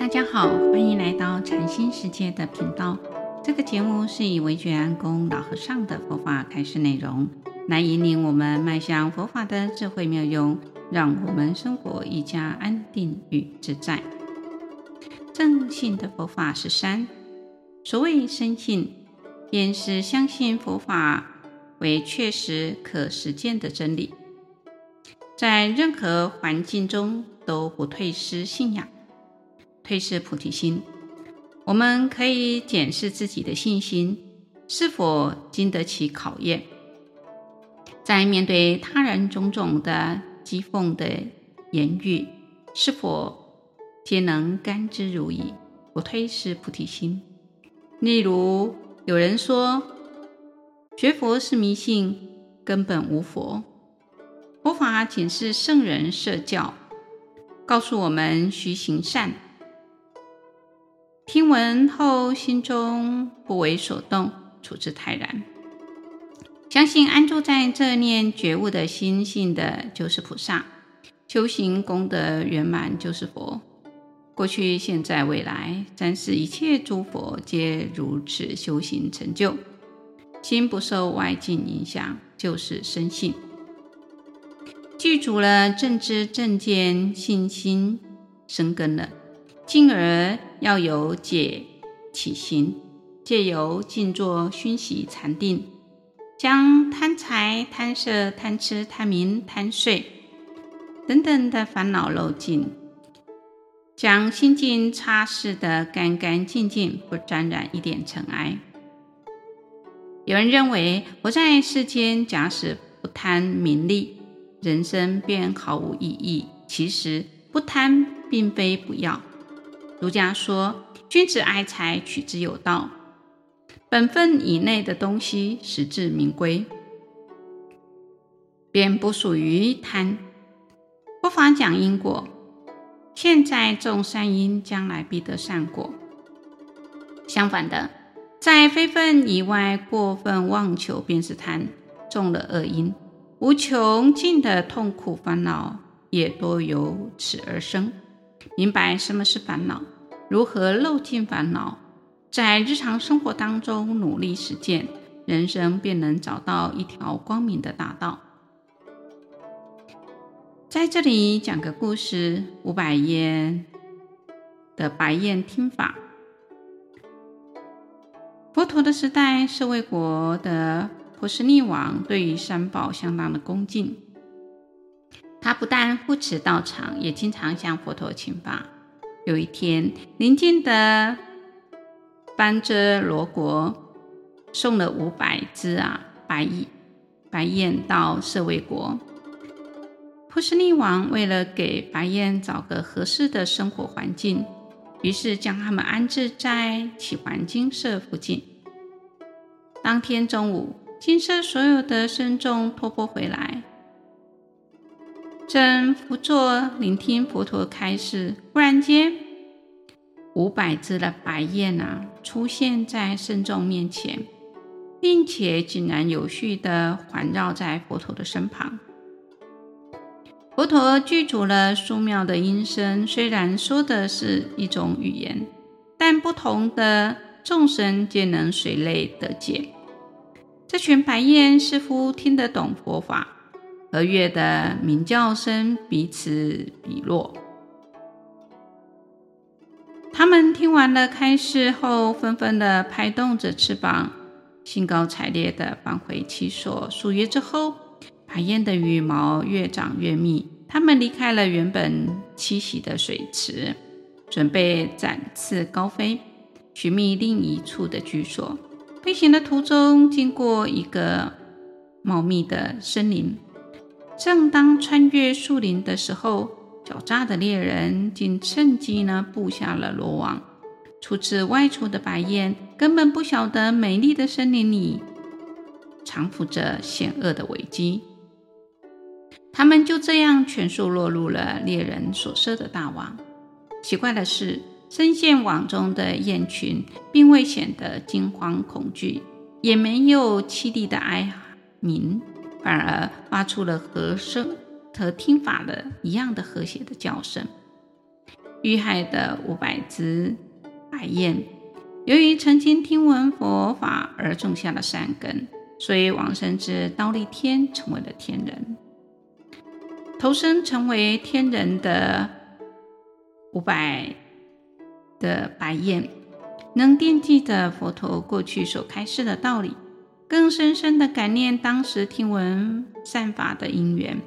大家好，歡迎來到禪心世界的頻道。這個節目是以惟覺安公老和尚的佛法開示內容，來引領我們邁向佛法的智慧妙用，讓我們生活愈加安定與自在。正信的佛法是十三，所謂深信，便是相信佛法為確實可實踐的真理，在任何環境中都不退失信仰。退失菩提心，我們可以檢視自己的信心，是否經得起考驗。在面對他人種種的譏諷的言語，是否皆能甘之如飴？不退失菩提心，例如有人說，學佛是迷信，根本無佛，佛法僅是聖人設教，告訴我們須行善。聽聞後，心中不為所動，處之泰然。相信安住在這念覺悟的心性的，就是菩薩；修行功德圓滿，就是佛。過去、現在、未來，三世一切諸佛皆如此修行成就。心不受外境影響，就是生性深信。具足了正知正見，信心生根了。進而要由解起行，借由靜坐熏習禪定，將貪財、貪色、貪吃、貪名、貪睡等等的煩惱漏盡，將心鏡擦拭得乾乾淨淨，不沾染一點塵埃。有人認為，活在世間，假使不貪名利，人生便毫無意義。其實，不貪並非不要。儒家說：“君子愛財，取之有道。本分以內的東西，實至名歸，便不屬於貪。佛法講因果：現在種善因，將來必得善果。相反的，在非分以外，過分妄求，便是貪，種了惡因，無窮盡的痛苦煩惱也多由此而生。明白什麼是煩惱？”如何漏盡煩惱，在日常生活當中努力實踐，人生便能找到一條光明的大道。在這裡講個故事：五百雁的白雁聽法。佛陀的時代，舍衛國的波斯匿王對於三寶相當的恭敬，他不但護持道場，也經常向佛陀請法。有一天，鄰近的般遮羅國送了五百隻啊白鴈，白鴈到舍衛國。波斯匿王為了給白鴈找個合適的生活環境，於是將他們安置在祇桓精舍附近。當天中午，精舍所有的僧眾托缽回來。正趺坐聆聽佛陀開示，忽然間，五百只的白雁啊，出現在僧眾面前，並且井然有序地環繞在佛陀的身旁。佛陀具足了殊妙的音聲，雖然說的是一種語言，但不同的眾生皆能隨類得解。這群白雁似乎聽得懂佛法。和悅的鳴叫聲彼此彼落。他們聽完了開示後，紛紛的拍動着翅膀，興高采烈的返回棲所，數月之後，白鴈的羽毛越長越密。他們離開了原本棲息的水池，準備展翅高飛，尋覓另一處的居所。飛行的途中，經過一個茂密的森林。正當穿越樹林的時候，狡詐的獵人竟趁機呢布下了羅網。初次外出的白雁根本不曉得美麗的森林裡藏伏着險惡的危機，它們就這樣全數落入了獵人所設的大網。奇怪的是，深陷網中的雁群並未顯得驚慌恐懼，也沒有淒厲的哀鳴。反而發出了和聲和聽法的一樣的和諧的叫聲。遇害的五百只白雁，由於曾經聽聞佛法而種下了善根，所以往生至忉利天，成為了天人。投生成為天人的五百的白雁，能惦記着佛陀過去所開示的道理。更深深地感念當時聽聞善法的因緣，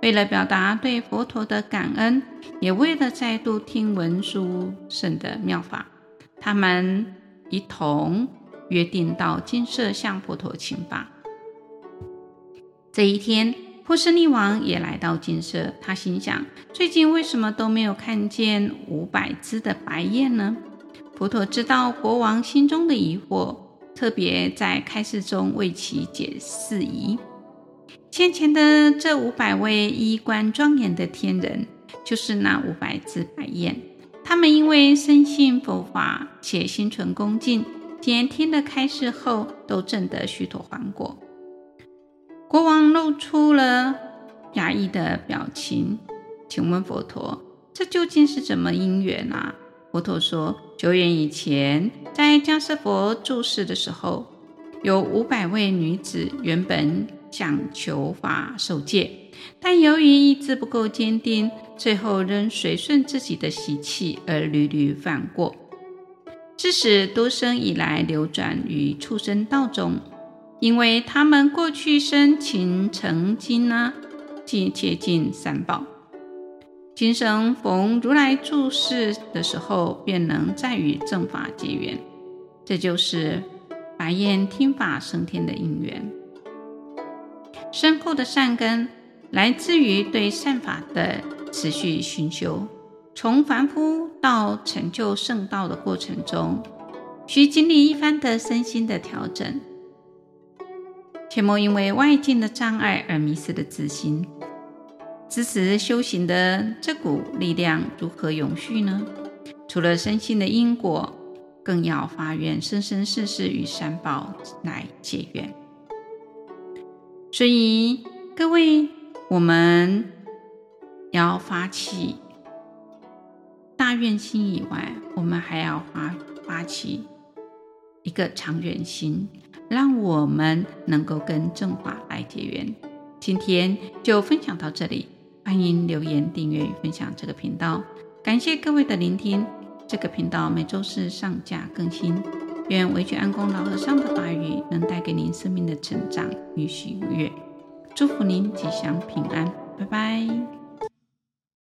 為了表達對佛陀的感恩，也為了再度聽聞殊勝的妙法，他們一同約定到精舍向佛陀請法。這一天，波斯匿王也來到精舍，他心想：最近為什麼都沒有看見五百隻的白雁呢？佛陀知道國王心中的疑惑。特別在開示中為其解釋疑。先前，前的這五百位衣冠莊嚴的天人，就是那五百隻白雁。他們因為深信佛法，且心存恭敬，今天聽了開示後，都證得須陀洹果。國王露出了訝異的表情，請問佛陀，這究竟是什麼因緣啊？佛陀說，久遠以前，在迦葉佛住世的時候，有五百位女子，原本想求法受戒，但由於意志不夠堅定，最後仍隨順自己的習氣而屢屢犯過，致使多生以來流轉於畜生道中，因為他們過去生情曾經呢、啊，即接近三寶。今生逢如來住世的時候，便能再與正法結緣，這就是白鴈聽法生天的因緣。深厚的善根來自於對善法的持續熏修，從凡夫到成就聖道的過程中，需經歷一番的身心的調整，切莫因為外境的障礙而迷失了自心。支持修行的這股力量如何永續呢？除了深信的因果，更要發願生生世世與三寶來結緣。所以各位，我們要發起大願心以外，我們還要發發起一個長遠心，讓我們能夠跟正法來結緣。今天就分享到這裡。歡迎留言、訂閱與分享這個頻道，感謝各位的聆聽。這個頻道每周四上架更新，願惟覺安公老和尚的法語能帶給您生命的成長與喜悅，祝福您吉祥平安，拜拜。